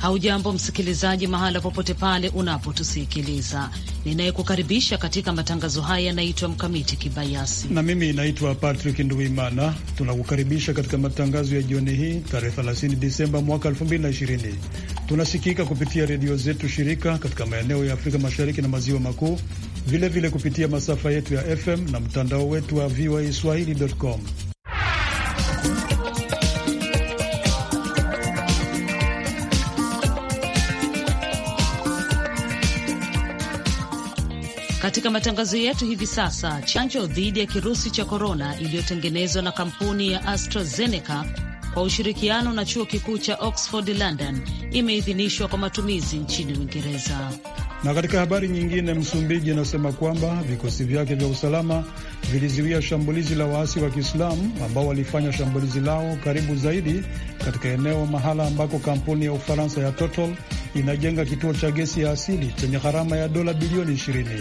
Haujambo msikilizaji, mahala popote pale unapotusikiliza. Ninayekukaribisha katika matangazo haya yanaitwa Mkamiti Kibayasi na mimi naitwa Patrick Nduimana. Tunakukaribisha katika matangazo ya jioni hii tarehe 30 Disemba mwaka 2020. Tunasikika kupitia redio zetu shirika katika maeneo ya Afrika Mashariki na Maziwa Makuu, vilevile kupitia masafa yetu ya FM na mtandao wetu wa voaswahili.com. Katika matangazo yetu hivi sasa, chanjo dhidi ya kirusi cha korona iliyotengenezwa na kampuni ya AstraZeneca kwa ushirikiano na chuo kikuu cha Oxford London imeidhinishwa kwa matumizi nchini Uingereza. Na katika habari nyingine, Msumbiji inasema kwamba vikosi vyake vya usalama vilizuia shambulizi la waasi wa Kiislamu ambao walifanya shambulizi lao karibu zaidi katika eneo mahala ambako kampuni ya Ufaransa ya Total inajenga kituo cha gesi ya asili chenye gharama ya dola bilioni 20.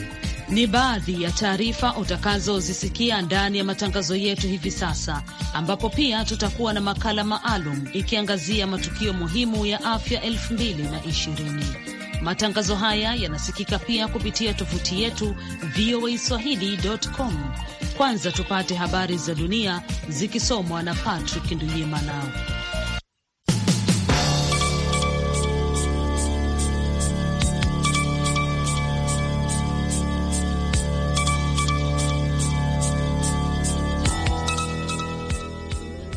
Ni baadhi ya taarifa utakazozisikia ndani ya matangazo yetu hivi sasa, ambapo pia tutakuwa na makala maalum ikiangazia matukio muhimu ya afya 2020. Matangazo haya yanasikika pia kupitia tovuti yetu swahili.com. Kwanza tupate habari za dunia zikisomwa na Patrick Nduyimana.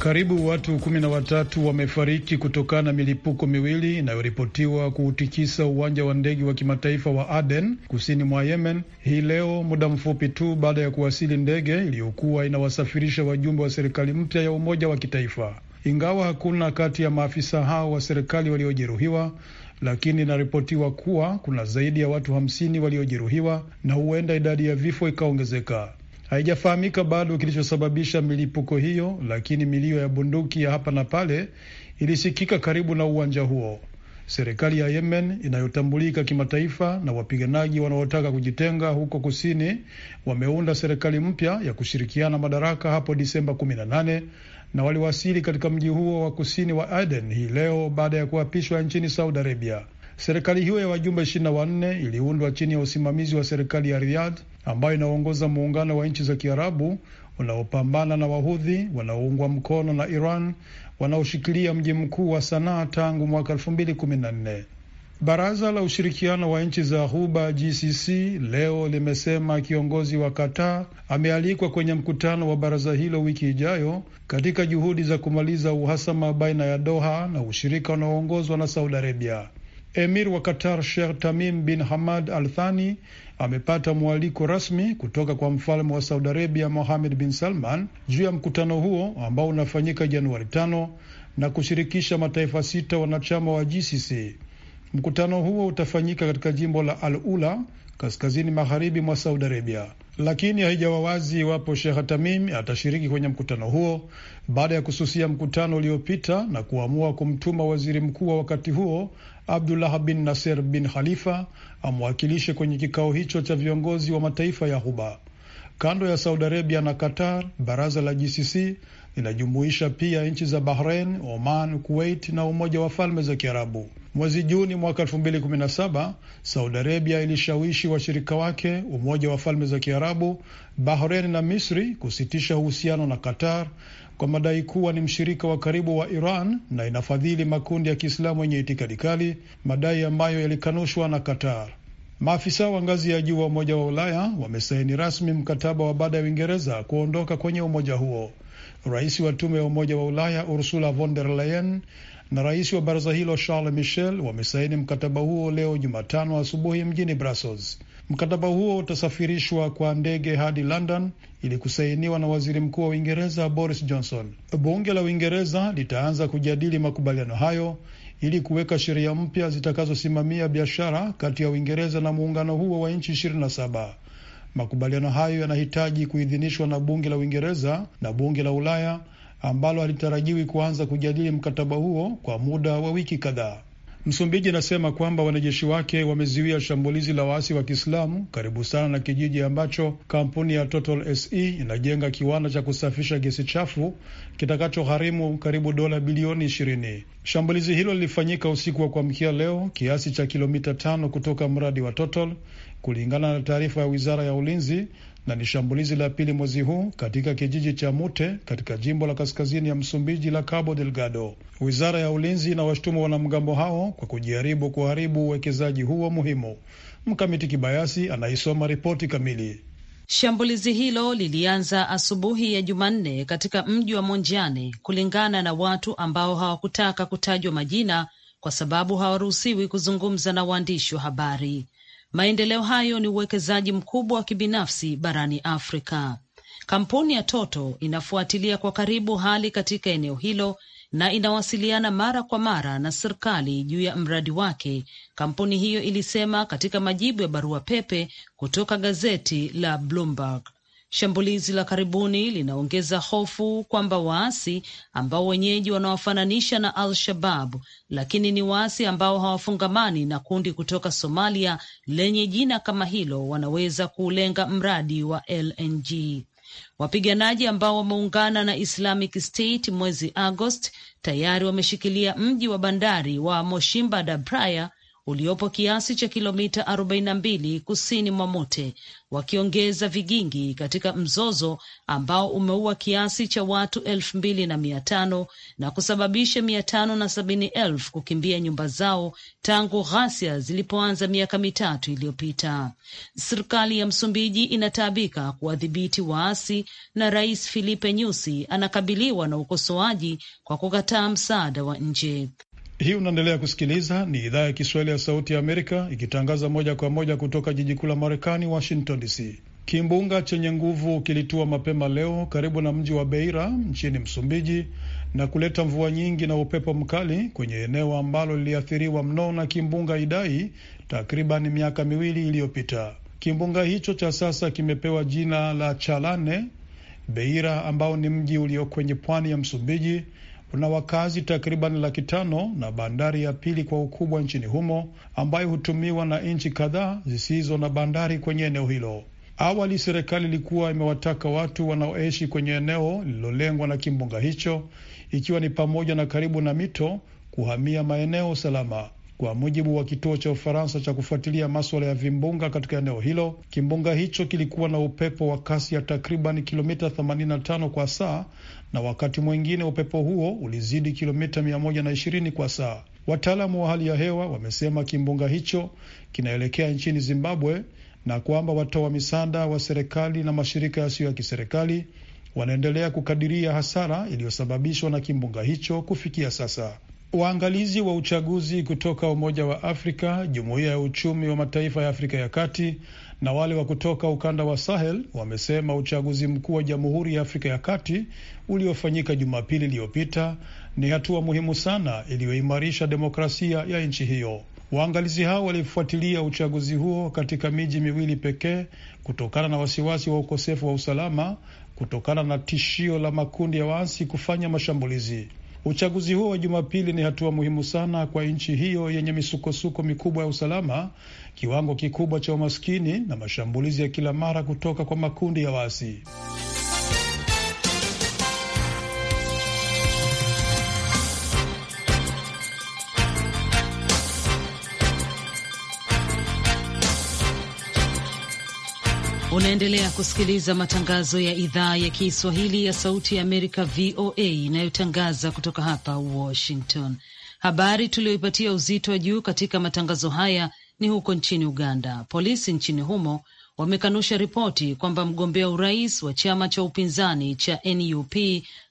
Karibu watu kumi na watatu wamefariki kutokana na milipuko miwili inayoripotiwa kuutikisa uwanja wa ndege wa kimataifa wa Aden kusini mwa Yemen hii leo, muda mfupi tu baada ya kuwasili ndege iliyokuwa inawasafirisha wajumbe wa serikali mpya ya umoja wa kitaifa. Ingawa hakuna kati ya maafisa hao wa serikali waliojeruhiwa, lakini inaripotiwa kuwa kuna zaidi ya watu hamsini waliojeruhiwa na huenda idadi ya vifo ikaongezeka. Haijafahamika bado kilichosababisha milipuko hiyo, lakini milio ya bunduki ya hapa na pale ilisikika karibu na uwanja huo. Serikali ya Yemen inayotambulika kimataifa na wapiganaji wanaotaka kujitenga huko kusini wameunda serikali mpya ya kushirikiana madaraka hapo Disemba 18 na waliwasili katika mji huo wa kusini wa Aden hii leo baada ya kuapishwa nchini Saudi Arabia. Serikali hiyo ya wajumbe ishirini na wanne iliundwa chini ya usimamizi wa serikali ya Riyadh ambayo inaongoza muungano wa nchi za Kiarabu unaopambana na Wahudhi wanaoungwa mkono na Iran wanaoshikilia mji mkuu wa Sanaa tangu mwaka elfu mbili kumi na nne. Baraza la ushirikiano wa nchi za Ghuba GCC leo limesema kiongozi wa Qatar amealikwa kwenye mkutano wa baraza hilo wiki ijayo katika juhudi za kumaliza uhasama baina ya Doha na ushirika unaoongozwa na Saudi Arabia. Emir wa Qatar Sheikh Tamim bin Hamad Al Thani amepata mwaliko rasmi kutoka kwa mfalme wa Saudi Arabia Mohamed bin Salman juu ya mkutano huo ambao unafanyika Januari tano na kushirikisha mataifa sita wanachama wa GCC. Mkutano huo utafanyika katika jimbo la Al Ula kaskazini magharibi mwa Saudi Arabia lakini haijawa wazi iwapo Sheikh Tamim atashiriki kwenye mkutano huo baada ya kususia mkutano uliopita na kuamua kumtuma waziri mkuu wa wakati huo Abdullah bin Nasser bin Khalifa amwakilishe kwenye kikao hicho cha viongozi wa mataifa ya Ghuba. Kando ya Saudi Arabia na Qatar, baraza la GCC inajumuisha pia nchi za Bahrain, Oman, Kuwait na Umoja wa Falme za Kiarabu. Mwezi Juni mwaka 2017 Saudi Arabia ilishawishi washirika wake, Umoja wa Falme za Kiarabu, Bahrain na Misri kusitisha uhusiano na Qatar kwa madai kuwa ni mshirika wa karibu wa Iran na inafadhili makundi ya Kiislamu yenye itikadi kali, madai ambayo yalikanushwa na Qatar. Maafisa wa ngazi ya juu wa Umoja wa Ulaya wamesaini rasmi mkataba wa baada ya Uingereza kuondoka kwenye umoja huo. Rais wa tume ya Umoja wa Ulaya Ursula von der Leyen na rais wa baraza hilo Charles Michel wamesaini mkataba huo leo Jumatano asubuhi mjini Brussels. Mkataba huo utasafirishwa kwa ndege hadi London ili kusainiwa na waziri mkuu wa Uingereza Boris Johnson. Bunge la Uingereza litaanza kujadili makubaliano hayo ili kuweka sheria mpya zitakazosimamia biashara kati ya Uingereza na muungano huo wa nchi saba. Makubaliano hayo yanahitaji kuidhinishwa na bunge la Uingereza na bunge la Ulaya ambalo halitarajiwi kuanza kujadili mkataba huo kwa muda wa wiki kadhaa. Msumbiji inasema kwamba wanajeshi wake wamezuia shambulizi la waasi wa Kiislamu karibu sana na kijiji ambacho kampuni ya Total SE inajenga kiwanda cha kusafisha gesi chafu kitakachogharimu karibu dola bilioni ishirini. Shambulizi hilo lilifanyika usiku wa kuamkia leo kiasi cha kilomita tano kutoka mradi wa Total kulingana na taarifa ya wizara ya ulinzi, na ni shambulizi la pili mwezi huu katika kijiji cha Mute katika jimbo la kaskazini ya Msumbiji la Cabo Delgado. Wizara ya ulinzi inawashutumu wanamgambo hao kwa kujaribu kuharibu uwekezaji huo muhimu. Mkamiti Kibayasi anaisoma ripoti kamili. Shambulizi hilo lilianza asubuhi ya Jumanne katika mji wa Monjane, kulingana na watu ambao hawakutaka kutajwa majina kwa sababu hawaruhusiwi kuzungumza na waandishi wa habari. Maendeleo hayo ni uwekezaji mkubwa wa kibinafsi barani Afrika. Kampuni ya Toto inafuatilia kwa karibu hali katika eneo hilo na inawasiliana mara kwa mara na serikali juu ya mradi wake, kampuni hiyo ilisema katika majibu ya barua pepe kutoka gazeti la Bloomberg. Shambulizi la karibuni linaongeza hofu kwamba waasi ambao wenyeji wanawafananisha na al shababu lakini ni waasi ambao hawafungamani na kundi kutoka Somalia lenye jina kama hilo wanaweza kuulenga mradi wa LNG. Wapiganaji ambao wameungana na Islamic State mwezi Agost tayari wameshikilia mji wa bandari wa Moshimba Dabraya uliopo kiasi cha kilomita 42 kusini mwa Mote, wakiongeza vigingi katika mzozo ambao umeua kiasi cha watu elfu mbili na mia tano na kusababisha mia tano na sabini elfu kukimbia nyumba zao tangu ghasia zilipoanza miaka mitatu iliyopita. Serikali ya Msumbiji inataabika kuwadhibiti waasi na Rais Filipe Nyusi anakabiliwa na ukosoaji kwa kukataa msaada wa nje. Hii unaendelea kusikiliza ni idhaa ya Kiswahili ya Sauti ya Amerika ikitangaza moja kwa moja kutoka jiji kuu la Marekani, Washington DC. Kimbunga chenye nguvu kilitua mapema leo karibu na mji wa Beira nchini Msumbiji na kuleta mvua nyingi na upepo mkali kwenye eneo ambalo liliathiriwa mno na kimbunga Idai takriban miaka miwili iliyopita. Kimbunga hicho cha sasa kimepewa jina la Chalane. Beira ambao ni mji ulio kwenye pwani ya Msumbiji una wakazi takriban laki tano na bandari ya pili kwa ukubwa nchini humo ambayo hutumiwa na nchi kadhaa zisizo na bandari kwenye eneo hilo. Awali serikali ilikuwa imewataka watu wanaoishi kwenye eneo lililolengwa na kimbunga hicho, ikiwa ni pamoja na karibu na mito, kuhamia maeneo salama. Kwa mujibu wa kituo cha Ufaransa cha kufuatilia maswala ya vimbunga katika eneo hilo, kimbunga hicho kilikuwa na upepo wa kasi ya takriban kilomita 85 kwa saa, na wakati mwingine upepo huo ulizidi kilomita 120 kwa saa. Wataalamu wa hali ya hewa wamesema kimbunga hicho kinaelekea nchini Zimbabwe na kwamba watoa misaada wa serikali na mashirika yasiyo ya kiserikali wanaendelea kukadiria hasara iliyosababishwa na kimbunga hicho kufikia sasa. Waangalizi wa uchaguzi kutoka Umoja wa Afrika, Jumuiya ya Uchumi wa Mataifa ya Afrika ya Kati na wale wa kutoka ukanda wa Sahel wamesema uchaguzi mkuu wa Jamhuri ya Afrika ya Kati uliofanyika Jumapili iliyopita ni hatua muhimu sana iliyoimarisha demokrasia ya nchi hiyo. Waangalizi hao walifuatilia uchaguzi huo katika miji miwili pekee kutokana na wasiwasi wa ukosefu wa usalama kutokana na tishio la makundi ya waasi kufanya mashambulizi. Uchaguzi huo wa Jumapili ni hatua muhimu sana kwa nchi hiyo yenye misukosuko mikubwa ya usalama, kiwango kikubwa cha umaskini na mashambulizi ya kila mara kutoka kwa makundi ya waasi. Unaendelea kusikiliza matangazo ya idhaa ya Kiswahili ya Sauti ya Amerika, VOA, inayotangaza kutoka hapa Washington. Habari tuliyoipatia uzito wa juu katika matangazo haya ni huko nchini Uganda. Polisi nchini humo wamekanusha ripoti kwamba mgombea urais wa chama cha upinzani cha NUP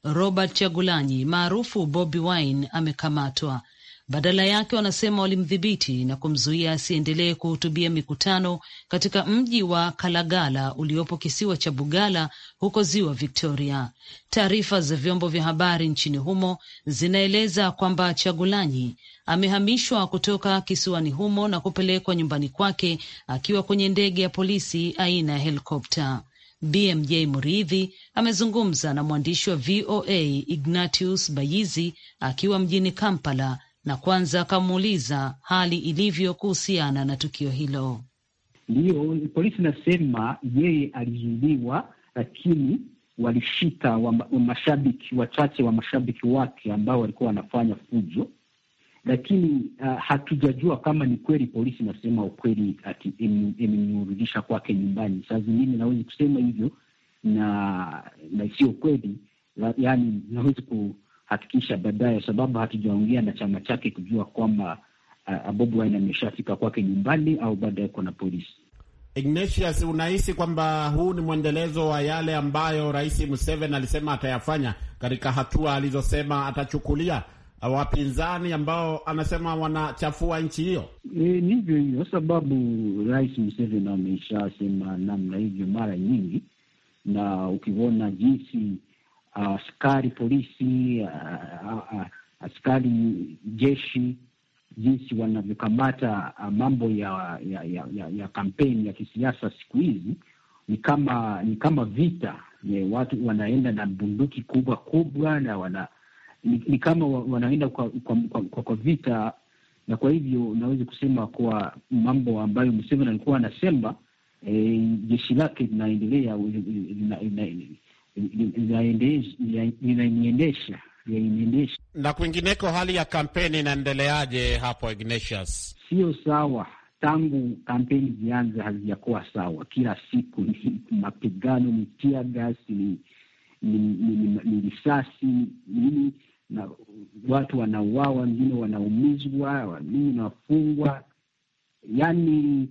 Robert Chagulanyi maarufu Bobi Wine amekamatwa. Badala yake wanasema walimdhibiti na kumzuia asiendelee kuhutubia mikutano katika mji wa Kalagala uliopo kisiwa cha Bugala huko ziwa Victoria. Taarifa za vyombo vya habari nchini humo zinaeleza kwamba Chagulanyi amehamishwa kutoka kisiwani humo na kupelekwa nyumbani kwake akiwa kwenye ndege ya polisi aina ya helikopta. BMJ Muridhi amezungumza na mwandishi wa VOA Ignatius Bayizi akiwa mjini Kampala na kwanza akamuuliza hali ilivyo kuhusiana na tukio hilo. Ndiyo, polisi inasema yeye alizuiliwa, lakini walishita wa mashabiki wachache wa mashabiki wake ambao walikuwa wanafanya fujo, lakini uh, hatujajua kama ni kweli. Polisi inasema ukweli ati imemrudisha kwake nyumbani. Saa zingine nawezi kusema hivyo na, na sio kweli, yaani nawezi ku hakikisha baadaye, sababu hatujaongea na chama chake kujua kwamba uh, Bobi Wine ameshafika kwake nyumbani au baadaye na polisi. Ignatius, unahisi kwamba huu ni mwendelezo wa yale ambayo Rais Museveni alisema atayafanya katika hatua alizosema atachukulia wapinzani ambao anasema wanachafua nchi hiyo? E, ni hivyo hivyo, sababu Rais Museveni ameshasema namna hivyo mara nyingi, na ukiona jinsi Ah, askari polisi, ah, ah, askari jeshi, jinsi wanavyokamata mambo ya ya, ya, ya ya kampeni ya kisiasa siku hizi ni kama ni kama vita. Ye, watu wanaenda na bunduki kubwa kubwa na wana ni, ni kama wanaenda kwa, kwa, kwa, kwa vita, na kwa hivyo naweza kusema kwa mambo ambayo Museveni alikuwa anasema e, jeshi lake linaendelea eh, inaniendesha inaniendesha. Na kwingineko, hali ya kampeni inaendeleaje hapo Ignatius? Sio sawa, tangu kampeni zianze hazijakuwa sawa. Kila siku ni mapigano, ni tia gasi, ni ni risasi nini, na watu wanauawa, wengine wanaumizwa, wengine wanafungwa, yani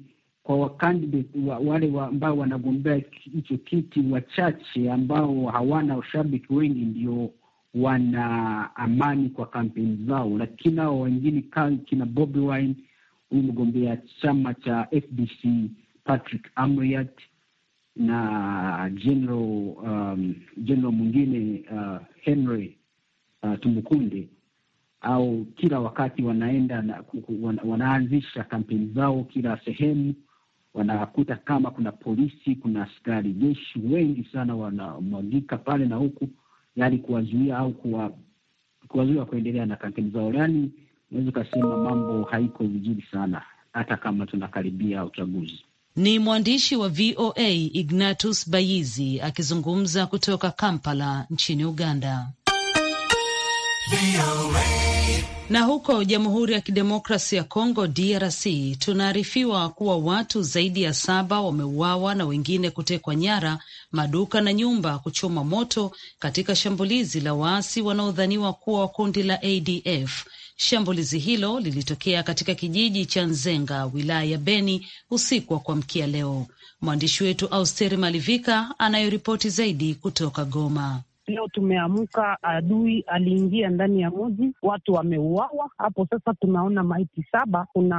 kwa wakandidate wa, wale ambao wanagombea hicho kiti wachache ambao hawana washabiki wengi ndio wana amani kwa kampeni zao, lakini hao wengine kina Bobi Wine, huyu mgombea chama cha FDC Patrick Amriat na general um, general mwingine uh, Henry uh, Tumukunde au kila wakati wanaenda na, wana, wanaanzisha kampeni zao kila sehemu wanakuta kama kuna polisi, kuna askari jeshi wengi sana wanamwagika pale na huku, yani kuwazuia au kuwa, kuwazuia kuendelea na kampeni zao. Yani unaweza ukasema mambo haiko vizuri sana, hata kama tunakaribia uchaguzi. Ni mwandishi wa VOA Ignatius Bayizi akizungumza kutoka Kampala nchini Uganda. VOA. Na huko Jamhuri ya Kidemokrasi ya Kongo, DRC, tunaarifiwa kuwa watu zaidi ya saba wameuawa na wengine kutekwa nyara, maduka na nyumba kuchoma moto katika shambulizi la waasi wanaodhaniwa kuwa wa kundi la ADF. Shambulizi hilo lilitokea katika kijiji cha Nzenga, wilaya ya Beni, usiku wa kuamkia leo. Mwandishi wetu Austeri Malivika anayoripoti zaidi kutoka Goma. Leo tumeamka, adui aliingia ndani ya mji, watu wameuawa hapo. Sasa tunaona maiti saba, kuna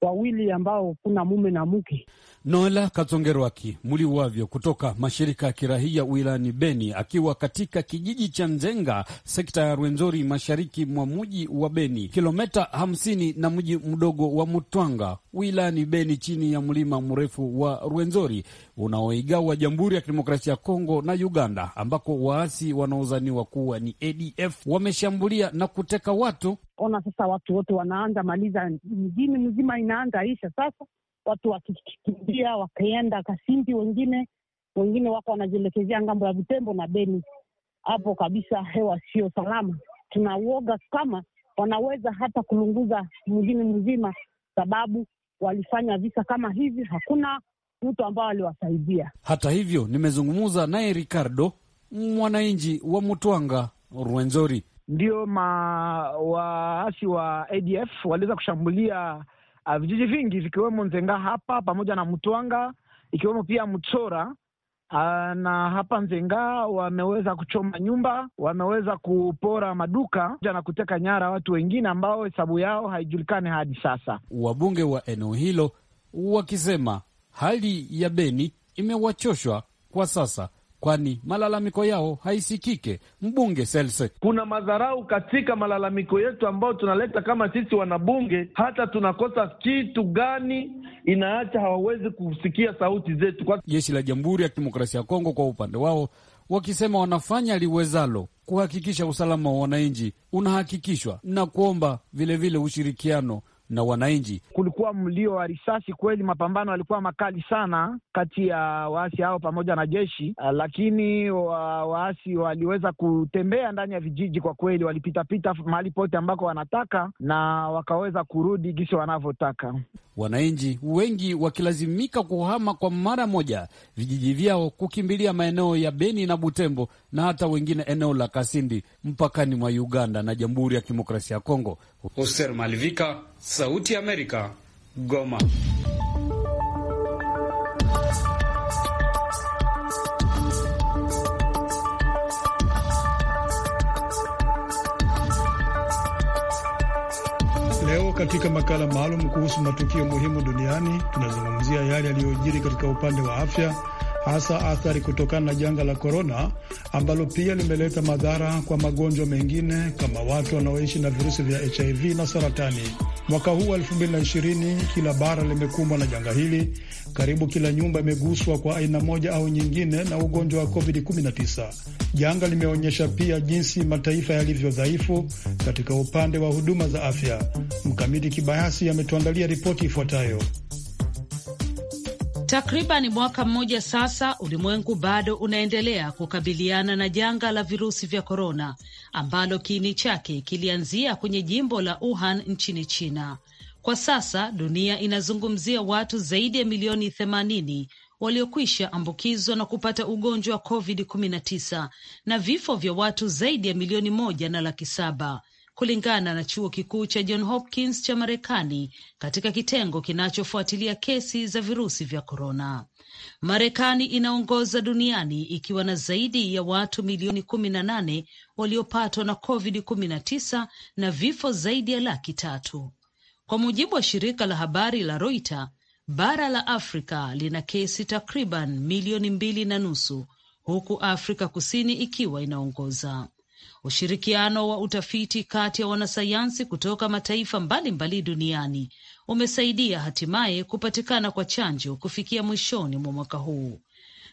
wawili ambao kuna mume na mke. Noela Katongerwaki Muliwavyo kutoka mashirika ya kirahia wilani Beni, akiwa katika kijiji cha Nzenga, sekta ya Rwenzori, mashariki mwa mji wa Beni, kilometa hamsini na mji mdogo wa Mutwanga wilani Beni, chini ya mlima mrefu wa Rwenzori unaoigawa Jamhuri ya Kidemokrasia ya Kongo na Uganda, ambako waasi wanaozaniwa kuwa ni ADF wameshambulia na kuteka watu. Ona sasa, watu wote wanaanza maliza, mjini mzima inaanza isha sasa, watu wakikimbia wakaenda Kasindi, wengine wengine wako wanajielekezea ngambo ya Vitembo na Beni. Hapo kabisa hewa sio salama, tunauoga kama wanaweza hata kulunguza mjini mzima, sababu walifanya visa kama hivi, hakuna mtu ambao aliwasaidia. Hata hivyo, nimezungumza naye Ricardo, mwananchi wa Mutwanga Rwenzori. Ndio waasi wa ADF waliweza kushambulia uh, vijiji vingi vikiwemo Nzenga hapa pamoja na Mtwanga, ikiwemo pia Mtsora uh, ah, na hapa Nzenga wameweza kuchoma nyumba, wameweza kupora maduka na kuteka nyara watu wengine ambao hesabu yao haijulikani hadi sasa, wabunge wa eneo hilo wakisema Hali ya Beni imewachoshwa kwa sasa kwani malalamiko yao haisikike. Mbunge Selse: kuna madharau katika malalamiko yetu ambayo tunaleta kama sisi wanabunge, hata tunakosa kitu gani inaacha hawawezi kusikia sauti zetu kwa... Jeshi la Jamhuri ya Kidemokrasia ya Kongo kwa upande wao wakisema wanafanya liwezalo kuhakikisha usalama wa wananchi unahakikishwa na kuomba vilevile vile ushirikiano na wananchi. Kulikuwa mlio wa risasi kweli, mapambano yalikuwa makali sana kati ya waasi hao pamoja na jeshi, ah, lakini wa, waasi waliweza kutembea ndani ya vijiji kwa kweli, walipitapita mahali pote ambako wanataka na wakaweza kurudi gisi wanavyotaka. Wananchi wengi wakilazimika kuhama kwa mara moja vijiji vyao kukimbilia maeneo ya Beni na Butembo na hata wengine eneo la Kasindi mpakani mwa Uganda na Jamhuri ya Kidemokrasia ya Kongo. Oster Malivika, Sauti Amerika, Goma. Leo katika makala maalum kuhusu matukio muhimu duniani tunazungumzia yale yaliyojiri katika upande wa afya, hasa athari kutokana na janga la korona ambalo pia limeleta madhara kwa magonjwa mengine kama watu wanaoishi na virusi vya HIV na saratani. Mwaka huu wa 2020 kila bara limekumbwa na janga hili. Karibu kila nyumba imeguswa kwa aina moja au nyingine na ugonjwa wa COVID-19. Janga limeonyesha pia jinsi mataifa yalivyo dhaifu katika upande wa huduma za afya. Mkamiti Kibayasi ametuandalia ripoti ifuatayo. Takriban mwaka mmoja sasa, ulimwengu bado unaendelea kukabiliana na janga la virusi vya korona ambalo kiini chake kilianzia kwenye jimbo la Wuhan nchini China. Kwa sasa dunia inazungumzia watu zaidi ya milioni 80 waliokwisha ambukizwa na kupata ugonjwa wa COVID-19 na vifo vya watu zaidi ya milioni moja na laki saba kulingana na chuo kikuu cha John Hopkins cha Marekani katika kitengo kinachofuatilia kesi za virusi vya korona. Marekani inaongoza duniani ikiwa na zaidi ya watu milioni kumi na nane waliopatwa na COVID 19 na vifo zaidi ya laki tatu kwa mujibu wa shirika la habari la Reuters. Bara la Afrika lina kesi takriban milioni mbili na nusu huku Afrika Kusini ikiwa inaongoza. Ushirikiano wa utafiti kati ya wanasayansi kutoka mataifa mbalimbali mbali duniani umesaidia hatimaye kupatikana kwa chanjo kufikia mwishoni mwa mwaka huu.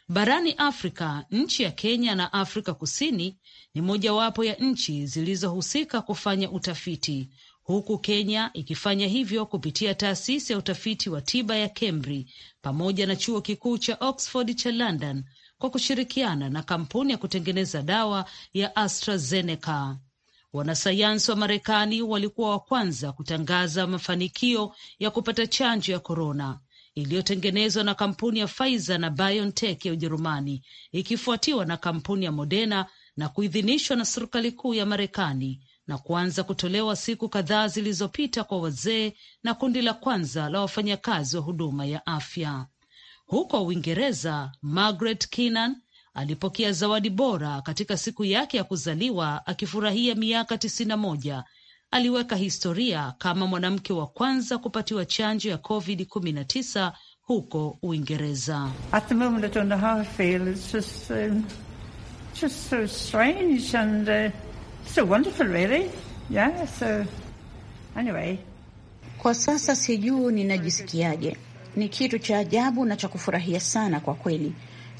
Barani Afrika, nchi ya Kenya na Afrika Kusini ni mojawapo ya nchi zilizohusika kufanya utafiti, huku Kenya ikifanya hivyo kupitia taasisi ya utafiti wa tiba ya KEMRI pamoja na chuo kikuu cha Oxford cha London kwa kushirikiana na kampuni ya kutengeneza dawa ya AstraZeneca. Wanasayansi wa Marekani walikuwa wa kwanza kutangaza mafanikio ya kupata chanjo ya korona iliyotengenezwa na kampuni ya Pfizer na BioNTech ya Ujerumani, ikifuatiwa na kampuni ya Moderna na kuidhinishwa na serikali kuu ya Marekani na kuanza kutolewa siku kadhaa zilizopita kwa wazee na kundi la kwanza la wafanyakazi wa huduma ya afya. Huko Uingereza, Margaret Keenan alipokea zawadi bora katika siku yake ya kuzaliwa akifurahia miaka tisini na moja. Aliweka historia kama mwanamke wa kwanza kupatiwa chanjo ya COVID 19 huko Uingereza. Kwa sasa sijuu ninajisikiaje ni kitu cha ajabu na cha kufurahia sana kwa kweli.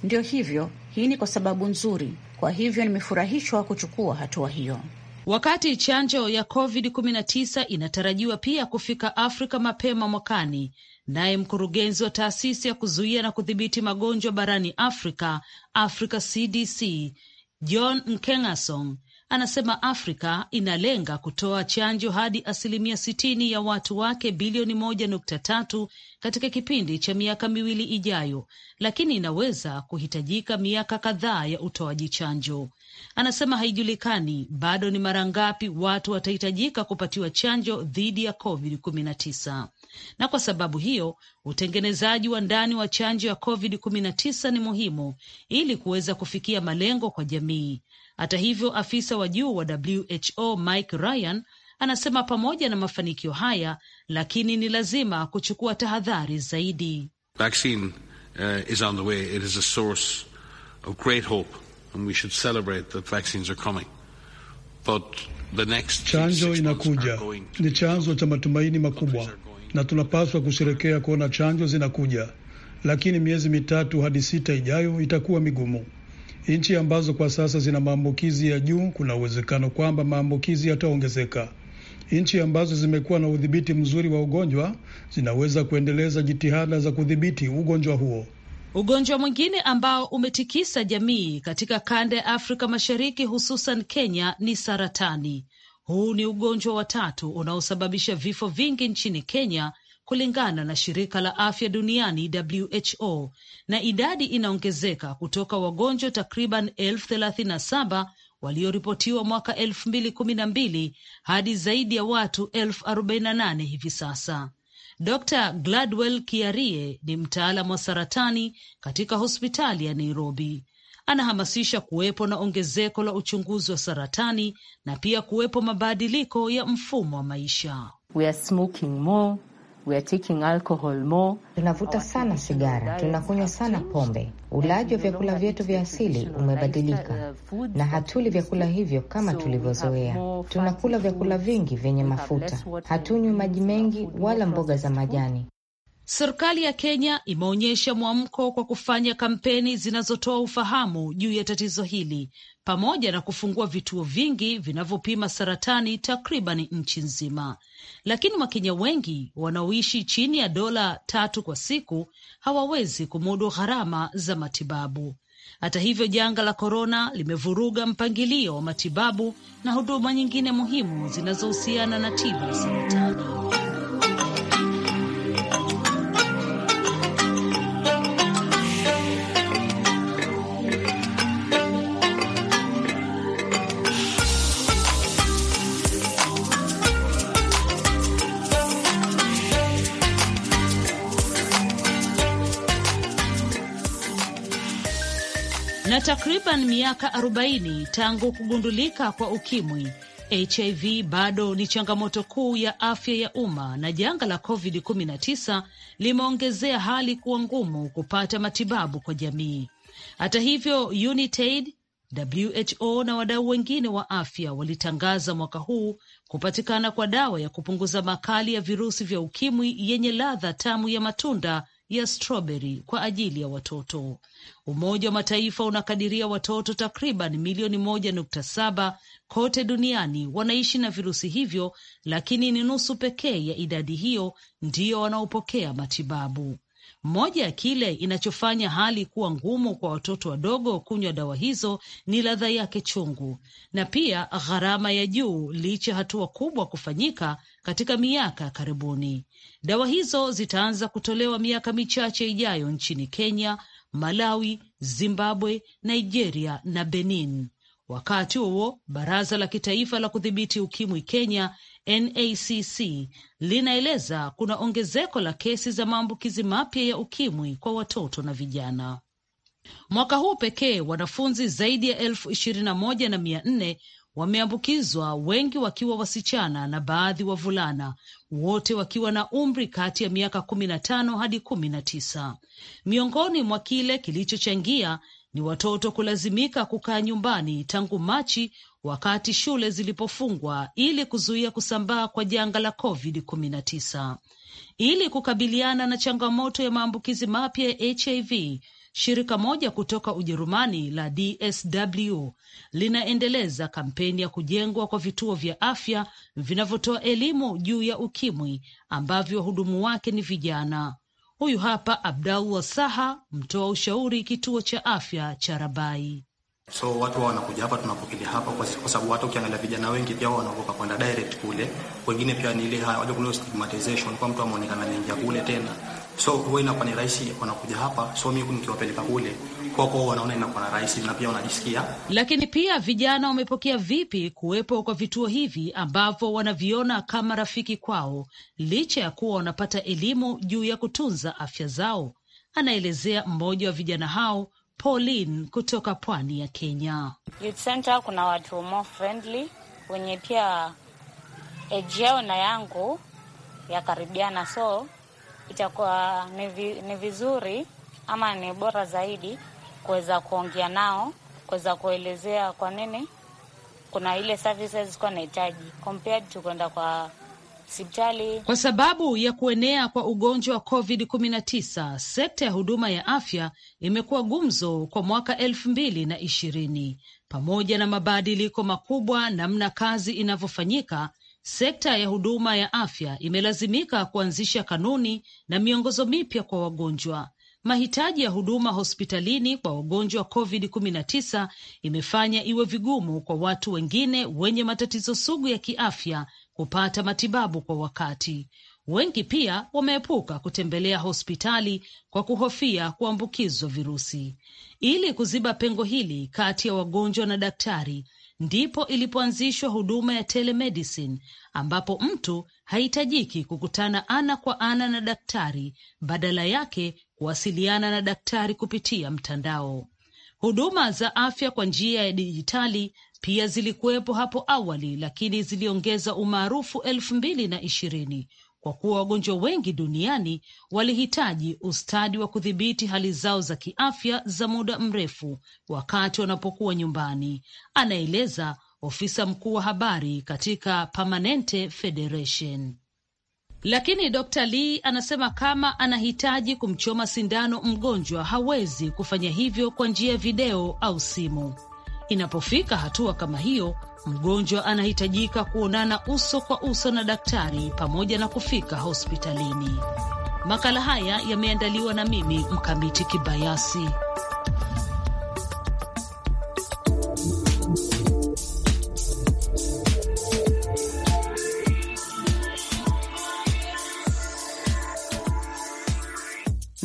Ndio hivyo, hii ni kwa sababu nzuri. Kwa hivyo nimefurahishwa kuchukua hatua hiyo. Wakati chanjo ya COVID-19 inatarajiwa pia kufika Afrika mapema mwakani, naye mkurugenzi wa taasisi ya kuzuia na kudhibiti magonjwa barani Afrika, Africa CDC, John Nkengasong anasema Afrika inalenga kutoa chanjo hadi asilimia sitini ya watu wake bilioni moja nukta tatu katika kipindi cha miaka miwili ijayo, lakini inaweza kuhitajika miaka kadhaa ya utoaji chanjo. Anasema haijulikani bado ni mara ngapi watu watahitajika kupatiwa chanjo dhidi ya COVID-19 na kwa sababu hiyo utengenezaji wa ndani wa chanjo ya COVID-19 ni muhimu ili kuweza kufikia malengo kwa jamii, hata hivyo, afisa wa juu wa WHO Mike Ryan anasema pamoja na mafanikio haya, lakini ni lazima kuchukua tahadhari zaidi. Vaccine, uh, is on the way. It is a source of great hope and we should celebrate that vaccines are coming. But the next chanjo inakuja ni chanzo cha matumaini makubwa na tunapaswa kusherekea kuona chanjo zinakuja, lakini miezi mitatu hadi sita ijayo itakuwa migumu. Nchi ambazo kwa sasa zina maambukizi ya juu, kuna uwezekano kwamba maambukizi yataongezeka. Nchi ambazo zimekuwa na udhibiti mzuri wa ugonjwa zinaweza kuendeleza jitihada za kudhibiti ugonjwa huo. Ugonjwa mwingine ambao umetikisa jamii katika kanda ya Afrika Mashariki, hususan Kenya, ni saratani. Huu ni ugonjwa wa tatu unaosababisha vifo vingi nchini Kenya kulingana na shirika la afya duniani WHO, na idadi inaongezeka kutoka wagonjwa takriban elfu thelathini na saba walioripotiwa mwaka elfu mbili kumi na mbili hadi zaidi ya watu elfu arobaini na nane hivi sasa. Dr Gladwell Kiarie ni mtaalam wa saratani katika hospitali ya Nairobi. Anahamasisha kuwepo na ongezeko la uchunguzi wa saratani na pia kuwepo mabadiliko ya mfumo wa maisha. We are smoking more. We are taking alcohol more. Tunavuta sana sigara, tunakunywa sana pombe. Ulaji wa vyakula vyetu vya asili uh, umebadilika na hatuli vyakula hivyo kama tulivyozoea. Tunakula vyakula vingi vyenye mafuta, hatunywi maji mengi wala mboga za majani. Serikali ya Kenya imeonyesha mwamko kwa kufanya kampeni zinazotoa ufahamu juu ya tatizo hili pamoja na kufungua vituo vingi vinavyopima saratani takriban nchi nzima, lakini Wakenya wengi wanaoishi chini ya dola tatu kwa siku hawawezi kumudu gharama za matibabu. Hata hivyo, janga la korona limevuruga mpangilio wa matibabu na huduma nyingine muhimu zinazohusiana na tiba saratani. takriban miaka 40 tangu kugundulika kwa ukimwi, HIV bado ni changamoto kuu ya afya ya umma na janga la COVID-19 limeongezea hali kuwa ngumu kupata matibabu kwa jamii. Hata hivyo, UNITAID, WHO na wadau wengine wa afya walitangaza mwaka huu kupatikana kwa dawa ya kupunguza makali ya virusi vya ukimwi yenye ladha tamu ya matunda ya strawberry kwa ajili ya watoto. Umoja wa Mataifa unakadiria watoto takriban milioni moja nukta saba kote duniani wanaishi na virusi hivyo, lakini ni nusu pekee ya idadi hiyo ndiyo wanaopokea matibabu. Moja ya kile inachofanya hali kuwa ngumu kwa watoto wadogo kunywa dawa hizo ni ladha yake chungu na pia gharama ya juu, licha hatua kubwa kufanyika katika miaka ya karibuni. Dawa hizo zitaanza kutolewa miaka michache ijayo nchini Kenya, Malawi, Zimbabwe, Nigeria na Benin. Wakati huo baraza la kitaifa la kudhibiti ukimwi Kenya NACC linaeleza kuna ongezeko la kesi za maambukizi mapya ya ukimwi kwa watoto na vijana. Mwaka huu pekee wanafunzi zaidi ya elfu ishirini na moja na mia nne wameambukizwa, wengi wakiwa wasichana na baadhi wavulana, wote wakiwa na umri kati ya miaka kumi na tano hadi kumi na tisa. Miongoni mwa kile kilichochangia ni watoto kulazimika kukaa nyumbani tangu Machi wakati shule zilipofungwa ili kuzuia kusambaa kwa janga la COVID-19. Ili kukabiliana na changamoto ya maambukizi mapya ya HIV, shirika moja kutoka Ujerumani la DSW linaendeleza kampeni ya kujengwa kwa vituo vya afya vinavyotoa elimu juu ya ukimwi ambavyo wahudumu wake ni vijana. Huyu hapa Abdallah Saha, mtoa ushauri kituo cha afya cha Rabai. So watu wao wanakuja hapa, tunapokelea hapa kwa sababu hata ukiangalia vijana wengi pia wao wanaogopa kwenda direct kule. Wengine pia ni ile hawaja kuna stigmatization kwa mtu ameonekana anaingia kule tena, so huwa inakuwa ni rahisi wanakuja hapa, so mimi nikiwapeleka kule mikopo wanaona inakuwa na rahisi na pia wanajisikia. Lakini pia vijana wamepokea vipi kuwepo kwa vituo hivi ambavyo wanaviona kama rafiki kwao, licha ya kuwa wanapata elimu juu ya kutunza afya zao? Anaelezea mmoja wa vijana hao Pauline kutoka pwani ya Kenya. Youth Center kuna watu more friendly wenye pia age yao na yangu ya karibiana so itakuwa ni vizuri ama ni bora zaidi kuweza kuongea nao, kuweza kuelezea kwa nini kuna ile services kwa nahitaji compared to kwenda kwa sipitali. Kwa sababu ya kuenea kwa ugonjwa wa COVID-19, sekta ya huduma ya afya imekuwa gumzo kwa mwaka elfu mbili na ishirini. Pamoja na mabadiliko makubwa namna kazi inavyofanyika, sekta ya huduma ya afya imelazimika kuanzisha kanuni na miongozo mipya kwa wagonjwa mahitaji ya huduma hospitalini kwa wagonjwa wa COVID-19 imefanya iwe vigumu kwa watu wengine wenye matatizo sugu ya kiafya kupata matibabu kwa wakati. Wengi pia wameepuka kutembelea hospitali kwa kuhofia kuambukizwa virusi. Ili kuziba pengo hili kati ya wagonjwa na daktari, ndipo ilipoanzishwa huduma ya telemedicine ambapo mtu hahitajiki kukutana ana kwa ana na daktari, badala yake kuwasiliana na daktari kupitia mtandao. Huduma za afya kwa njia ya dijitali pia zilikuwepo hapo awali, lakini ziliongeza umaarufu elfu mbili na ishirini kwa kuwa wagonjwa wengi duniani walihitaji ustadi wa kudhibiti hali zao za kiafya za muda mrefu wakati wanapokuwa nyumbani, anaeleza ofisa mkuu wa habari katika Permanente Federation. Lakini Dr. Lee anasema kama anahitaji kumchoma sindano mgonjwa, hawezi kufanya hivyo kwa njia ya video au simu. Inapofika hatua kama hiyo, mgonjwa anahitajika kuonana uso kwa uso na daktari pamoja na kufika hospitalini. Makala haya yameandaliwa na mimi Mkamiti Kibayasi.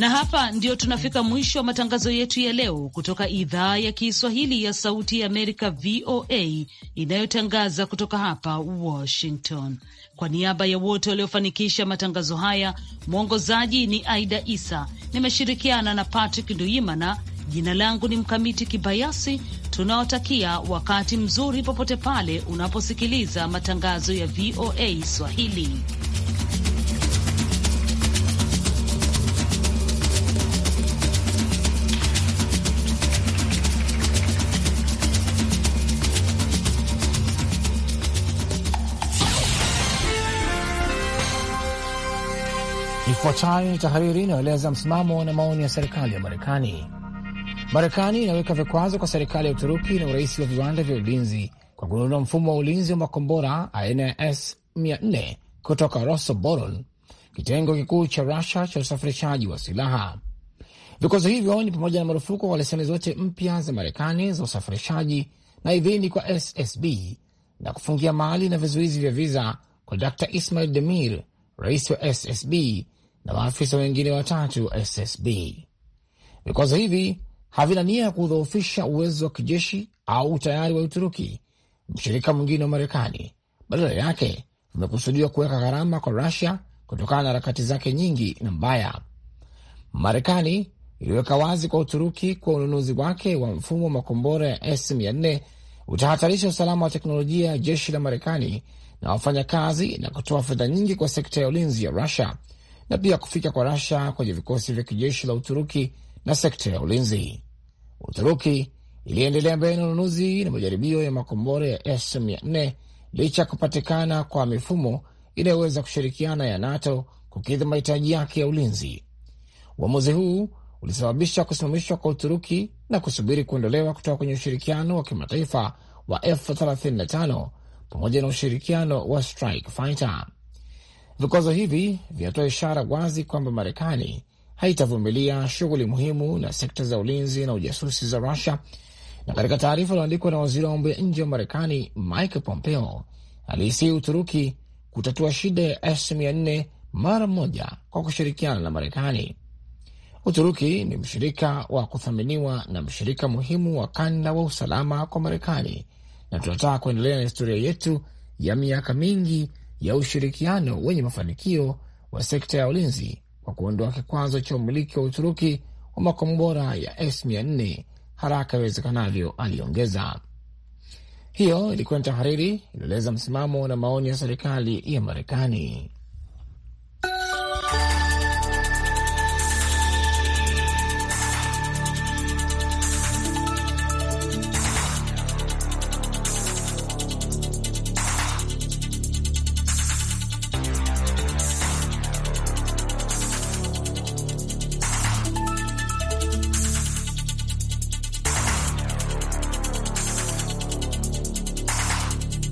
Na hapa ndio tunafika mwisho wa matangazo yetu ya leo kutoka idhaa ya Kiswahili ya Sauti ya Amerika, VOA, inayotangaza kutoka hapa Washington. Kwa niaba ya wote waliofanikisha matangazo haya, mwongozaji ni Aida Isa, nimeshirikiana na Patrick Nduimana. Jina langu ni Mkamiti Kibayasi. Tunawatakia wakati mzuri popote pale unaposikiliza matangazo ya VOA Swahili. Ifuatayo ni tahariri inayoeleza msimamo na maoni ya serikali ya Marekani. Marekani inaweka vikwazo kwa serikali ya Uturuki na urais wa viwanda vya ulinzi kwa kununua mfumo wa ulinzi wa makombora aina ya s 400 kutoka Rosoboron, kitengo kikuu cha Rusia cha usafirishaji wa silaha. Vikwazo hivyo ni pamoja na marufuku kwa leseni zote mpya za Marekani za usafirishaji na idhini kwa SSB na kufungia mali na vizuizi vya viza kwa Dr Ismail Demir, rais wa SSB na maafisa wengine watatu SSB. Vikwazo hivi havina nia ya kudhoofisha uwezo wa kijeshi au utayari wa Uturuki, mshirika mwingine wa Marekani. Badala yake vimekusudiwa kuweka gharama kwa Rusia kutokana na harakati zake nyingi na mbaya. Marekani iliweka wazi kwa Uturuki kuwa ununuzi wake wa mfumo wa makombora ya S400 utahatarisha usalama wa teknolojia ya jeshi la Marekani na wafanyakazi na kutoa fedha nyingi kwa sekta ya ulinzi ya Rusia na pia kufika kwa Rasha kwenye vikosi vya kijeshi la Uturuki na sekta ya ulinzi. Uturuki iliendelea mbele na ununuzi na majaribio ya makombora ya S400 licha ya kupatikana kwa mifumo inayoweza kushirikiana ya NATO kukidhi mahitaji yake ya ulinzi. Uamuzi huu ulisababisha kusimamishwa kwa Uturuki na kusubiri kuondolewa kutoka kwenye ushirikiano wa kimataifa wa F35 pamoja na ushirikiano wa Strike Fighter. Vikwazo hivi vinatoa ishara wazi kwamba Marekani haitavumilia shughuli muhimu na sekta za ulinzi na ujasusi za Rusia. Na katika taarifa iliyoandikwa na waziri wa mambo ya nje wa Marekani Mike Pompeo alihisii Uturuki kutatua shida ya S400 mara moja kwa kushirikiana na Marekani. Uturuki ni mshirika wa kuthaminiwa na mshirika muhimu wa kanda wa usalama kwa Marekani, na tunataka kuendelea na historia yetu ya miaka mingi ya ushirikiano wenye mafanikio wa sekta ya ulinzi kwa kuondoa kikwazo cha umiliki wa Uturuki wa makombora ya S-400 haraka iwezekanavyo, aliongeza. Hiyo ilikuwa ni tahariri, ilieleza msimamo na maoni ya serikali ya Marekani.